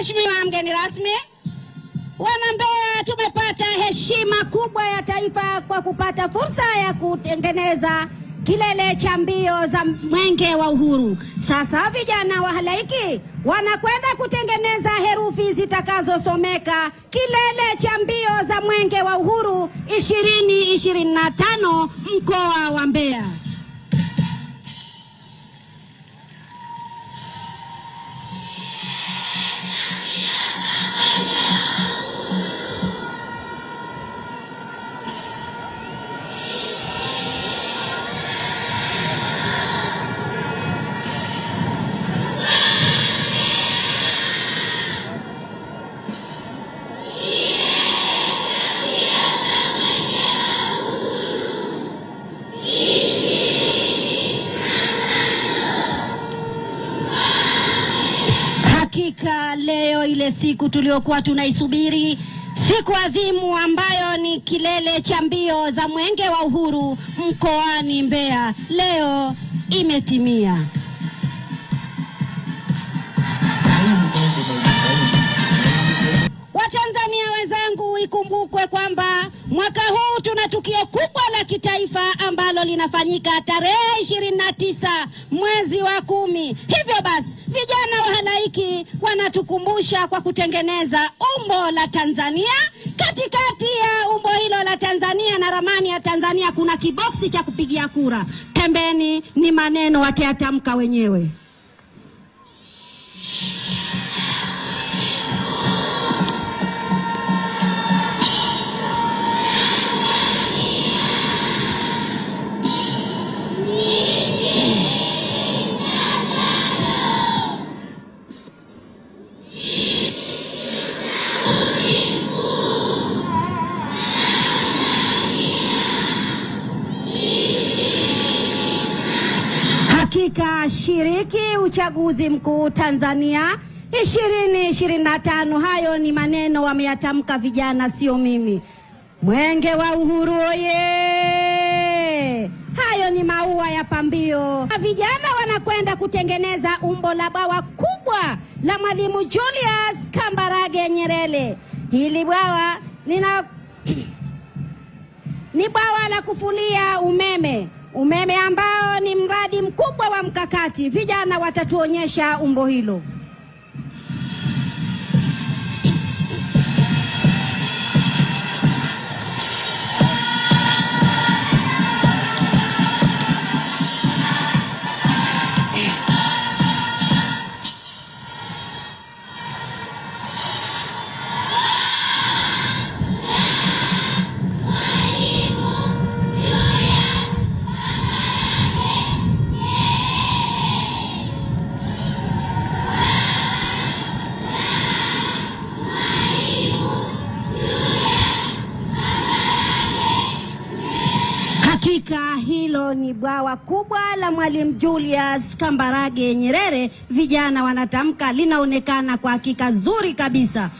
Mheshimiwa mgeni rasmi, wana Mbeya tumepata heshima kubwa ya taifa kwa kupata fursa ya kutengeneza kilele cha mbio za Mwenge wa Uhuru. Sasa vijana wa halaiki wanakwenda kutengeneza herufi zitakazosomeka kilele cha mbio za Mwenge wa Uhuru 2025 mkoa wa Mbeya. Hakika leo ile siku tuliokuwa tunaisubiri, siku adhimu ambayo ni kilele cha mbio za Mwenge wa Uhuru mkoani Mbeya, leo imetimia. yangu ikumbukwe kwamba mwaka huu tuna tukio kubwa la kitaifa ambalo linafanyika tarehe ishirini na tisa mwezi wa kumi. Hivyo basi, vijana wa halaiki wanatukumbusha kwa kutengeneza umbo la Tanzania. Katikati ya umbo hilo la Tanzania na ramani ya Tanzania kuna kiboksi cha kupigia kura, pembeni ni maneno watayatamka wenyewe. shiriki uchaguzi mkuu Tanzania 2025. Hayo ni maneno wameyatamka vijana, sio mimi. Mwenge wa Uhuru oye! Hayo ni maua ya pambio. Vijana wanakwenda kutengeneza umbo la bwawa kubwa la Mwalimu Julius Kambarage Nyerere. Hili bwawa lina ni bwawa la kufulia umeme, umeme ambao ni mradi mkubwa wa mkakati, vijana watatuonyesha umbo hilo. Hakika hilo ni bwawa kubwa la Mwalimu Julius Kambarage Nyerere, vijana wanatamka, linaonekana kwa hakika zuri kabisa.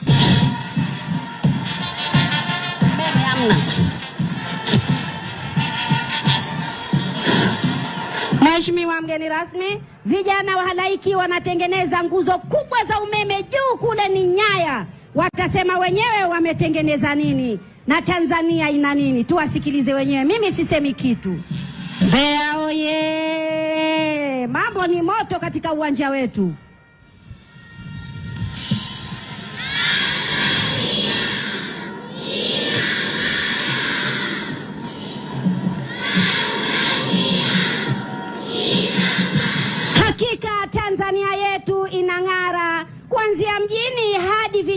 Mheshimiwa mgeni rasmi, vijana wa halaiki wanatengeneza nguzo kubwa za umeme juu kule, ni nyaya. Watasema wenyewe wametengeneza nini na Tanzania ina nini? Tuwasikilize wenyewe, mimi sisemi kitu. Mbeya oye! Mambo ni moto katika uwanja wetu. Hakika Tanzania yetu inang'ara kuanzia mjini hadi vijijini.